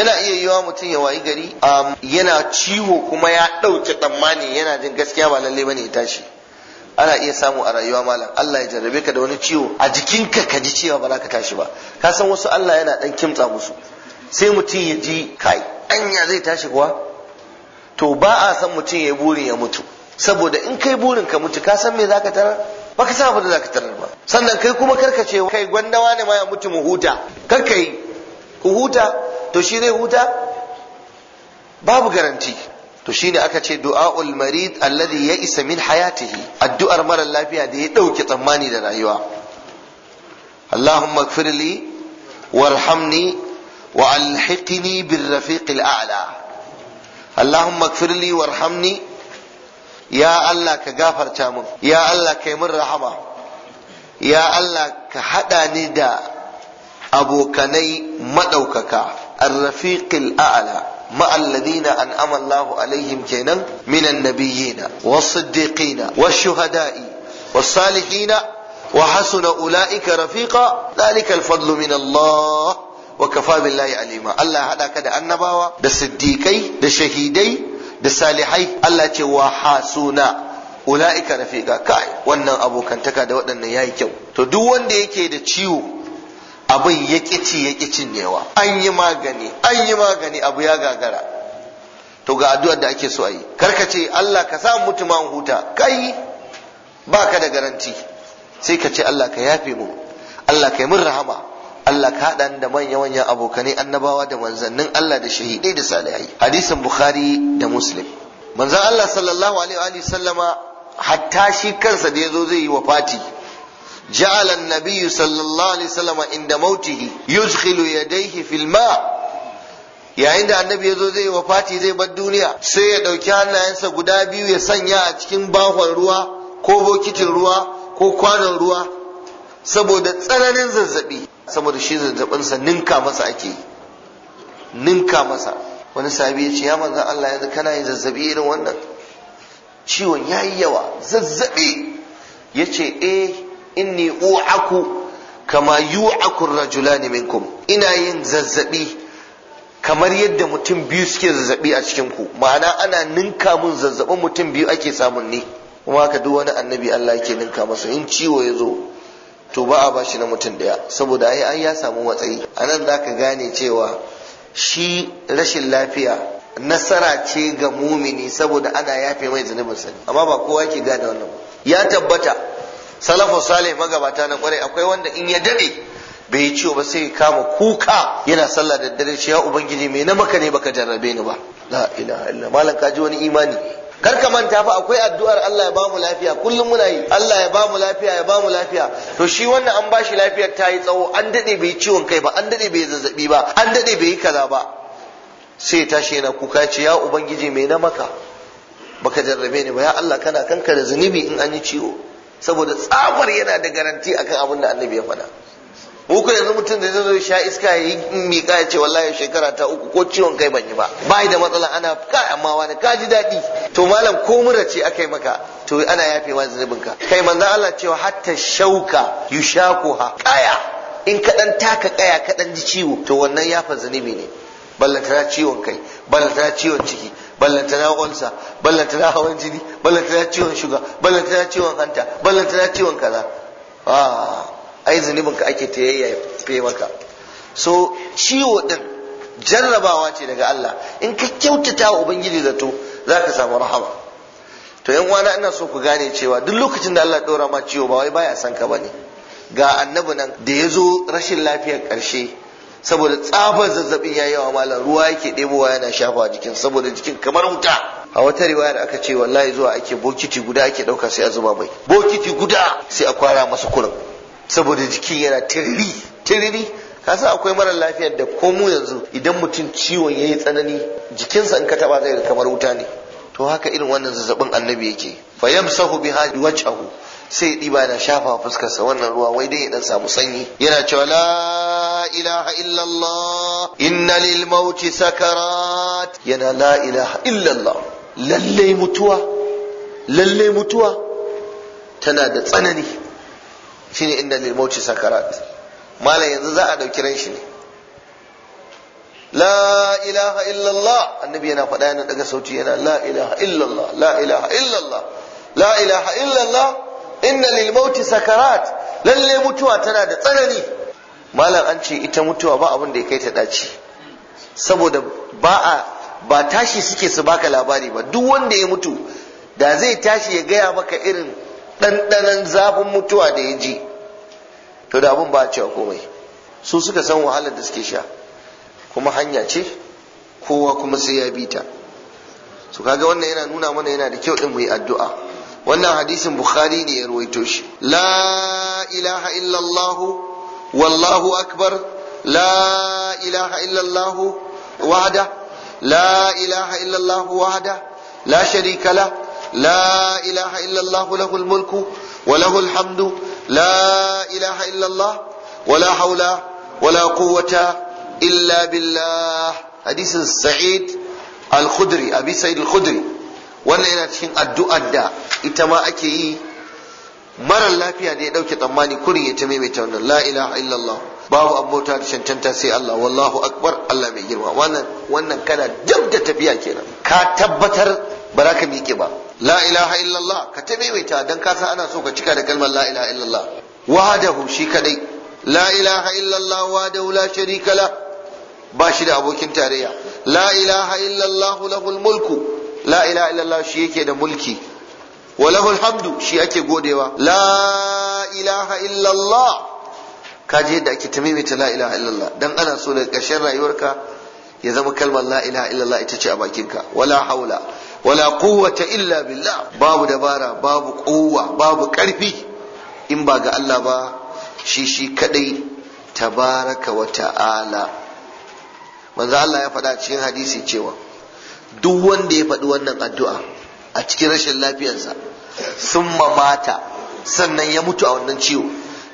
yana iya yiwa mutum ya wayi gari um, yana ciwo kuma ya ɗauke tsammani yana jin gaskiya ba lalle ne ya tashi ana iya samu a rayuwa malam Allah ya jarrabe ka da wani ciwo a jikinka ka ji cewa ba za ka tashi ba ka san wasu Allah yana dan kimtsa musu sai mutum ya ji kai anya zai tashi kuwa to ba a san mutum ya burin ya mutu saboda in kai burin ka mutu ka san me za ka tarar ba ka san abin da za ka tarar ba sannan kai kuma karkace kai gwandawa ne ma ya mutu mu huta kar ka yi ku huta to shi zai huta babu garanti to shine aka ce du'aul marid alladhi ya isa min hayatihi addu'ar mara lafiya da ya dauke tsammani da rayuwa Allahumma ighfirli warhamni wa alhiqni bir a'la Allahumma ighfirli warhamni ya Allah ka gafarta min ya Allah kai min rahama ya Allah ka hada ni da abokanai madaukaka الرفيق الأعلى مع الذين أنعم الله عليهم كينا من النبيين والصديقين والشهداء والصالحين وحسن أولئك رفيقا ذلك الفضل من الله وكفى بالله عليما الله هذا كده النبوة ده صديقي ده شهيدي ده صالحي الله توا حسنا ula'ika rafiqa kai wannan abokantaka da waɗannan yayi kyau to duk wanda yake da ciwo abin ya kici ya kici newa an yi magani an yi magani abu ya gagara to ga addu'ar da ake so a yi ce Allah ka sa mutu ma huta kai baka da garanti sai ka ce Allah ka yafe mu Allah ka yi min rahama Allah ka haɗa da manya-manyan abokanai annabawa da manzannin Allah da shahidai da salihai hadisin Bukhari da Muslim manzan Allah sallallahu alaihi wa sallama hatta shi kansa da ya zo zai yi wa fati جعل النبي صلى الله عليه وسلم عند موته يدخل يديه في الماء yayin da annabi ya zo zai wafati zai bar duniya sai ya ɗauki hannayensa guda biyu ya sanya a cikin bahon ruwa ko bokitin ruwa ko kwanon ruwa saboda tsananin zazzabi saboda shi zazzabinsa ninka masa ake ninka masa wani sabi ya ce ya manzan Allah yanzu kana yin zazzabi irin wannan ciwon ya yi yawa zazzabi ya ce eh inni u'aku kama yu'aku rajulani minkum ina yin zazzabi kamar yadda mutum biyu suke zazzabi a cikin ku ma'ana ana ninka mun zazzabin mutum biyu ake samun ni kuma haka duk wani annabi Allah yake ninka masa in ciwo ya zo to ba a bashi na mutum daya saboda ai an ya samu matsayi anan zaka gane cewa shi rashin lafiya nasara ce ga mumini saboda ana yafe mai zunubin sani amma ba kowa ke gane wannan ya tabbata salafu salih magabata na kwarai akwai wanda in ya dade bai yi ciwo ba sai kama kuka yana sallah da dare shi ya ubangiji me na maka ne baka jarrabe ni ba la ilaha illa malam ka ji wani imani kar ka manta fa akwai addu'ar Allah ya bamu lafiya kullum muna yi Allah ya bamu lafiya ya bamu lafiya to shi wannan an bashi lafiyar ta yi tsawo an dade bai ciwon kai ba an dade bai zazzabi ba an dade bai kaza ba sai tashi yana kuka ce ya ubangiji me na maka baka jarrabe ni ba ya Allah kana kanka da zunubi in an yi ciwo saboda tsabar yana da garanti akan abin da annabi ya faɗa mu ko yanzu mutum da zai zo sha iska ya yi miƙa ya ce wallahi shekara ta uku ko ciwon kai ban yi ba bai da matsala ana ka amma wani ka ji daɗi to malam ko mura ce akai maka to ana yafe ma ka kai manzo Allah cewa hatta shauka yushakuha kaya in ka dan taka kaya ka dan ji ciwo to wannan yafa zunubi ne ballantana ciwon kai ballantana ciwon ciki ballantana ulsa ballantana hawan jini ballantana ciwon shuga ballantana ciwon hanta ballantana ciwon kaza a ah, ai zunubin ka ake ta yayyafe maka so ciwo din jarrabawa ce daga Allah in ka kyautata wa ubangiji zato zaka samu rahama to yan uwana ina so ku gane cewa duk lokacin da Allah ɗora ma ciwo ba wai baya san ka bane ga annabi nan da ya zo rashin lafiyar ƙarshe saboda tsafar zazzabin ya wa malam ruwa yake ɗebowa yana shafa jikin saboda jikin kamar wuta a wata riwayar aka ce wallahi zuwa ake bokiti guda ake ɗauka sai a zuba mai bokiti guda sai a kwara masu kurin saboda jikin yana tiriri tiriri kasa akwai mara lafiyar da komo yanzu idan mutum ciwon ya yi tsanani jikinsa in ka taba zai kamar wuta ne to haka irin wannan zazzabin annabi yake fayam yamsahu biha wajhahu sai ɗiba na shafa fuskarsa wannan ruwa wai dai ya dan samu sanyi yana cewa la لا إله إلا الله إن للموت سكرات ينا لا إله إلا الله للي متوى للي متوى تنادى تسنني شيني إن للموت سكرات ما لا ينزع أدو كرنشني لا إله إلا الله النبي أنا فدانا دقا صوتي أنا لا إله إلا الله لا إله إلا الله لا إله إلا الله إن للموت سكرات lalle mutuwa tana da tsanani malam an ce ita mutuwa ba abin da ya kai ta dace saboda ba a ba tashi suke su baka labari ba duk wanda ya mutu da zai tashi ya gaya maka irin ɗanɗanan zafin mutuwa da ya ji to da abin ba a cewa komai su suka san wahalar da suke sha kuma hanya ce kowa kuma sai ya bi ta su kaga wannan yana nuna mana yana da kyau din mu yi addu'a wannan hadisin bukhari ne ya ruwaito shi la ilaha illallah wallahu akbar la ilaha illallah wahda la ilaha illallah wahda la sharika la la ilaha illallah lahul mulku wa lahul hamdu la ilaha illallah wala haula wala quwwata illa billah hadisin sa'id al-khudri abi sa'id al-khudri wannan yana cikin addu'a da ita ma ake yi marar lafiya da ya dauke tsammani kurin ya ta maimaita wannan la ilaha illallah babu abota da cancanta sai Allah wallahu akbar Allah mai girma wannan wannan kana dab da tafiya kenan ka tabbatar ba za ka miƙe ba la ilaha illallah ka ta maimaita dan ka san ana so ka cika da kalmar la ilaha illallah wahadahu shi kadai la ilaha illallah wahdahu la sharika la ba shi da abokin tarayya la ilaha illallah lahul mulku la ilaha illallah shi yake da mulki wa lahul hamdu shi ake godewa la ilaha illallah kaji yadda ake ta maimaita la ilaha illallah dan ana so daga ƙarshen rayuwarka ya zama kalmar la ilaha illallah ita ce a bakinka wala haula wala quwwata illa billah babu dabara babu kowa babu karfi in ba ga Allah ba shi shi kadai tabaraka wa ta'ala manzo Allah ya faɗa cikin hadisi cewa duk wanda ya faɗi wannan addu'a a cikin rashin lafiyarsa sun mata sannan ya mutu a wannan ciwo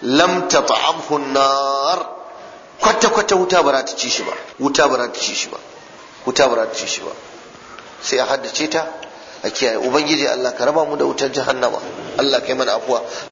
lam tata'amhu nar kwata kwata wuta ba ta ci shi ba wuta ba ta ci shi ba wuta ba ta ci shi ba sai a haddace ta a kiyaye ubangiji Allah ka raba mu da wutar jahannama Allah kai mana afuwa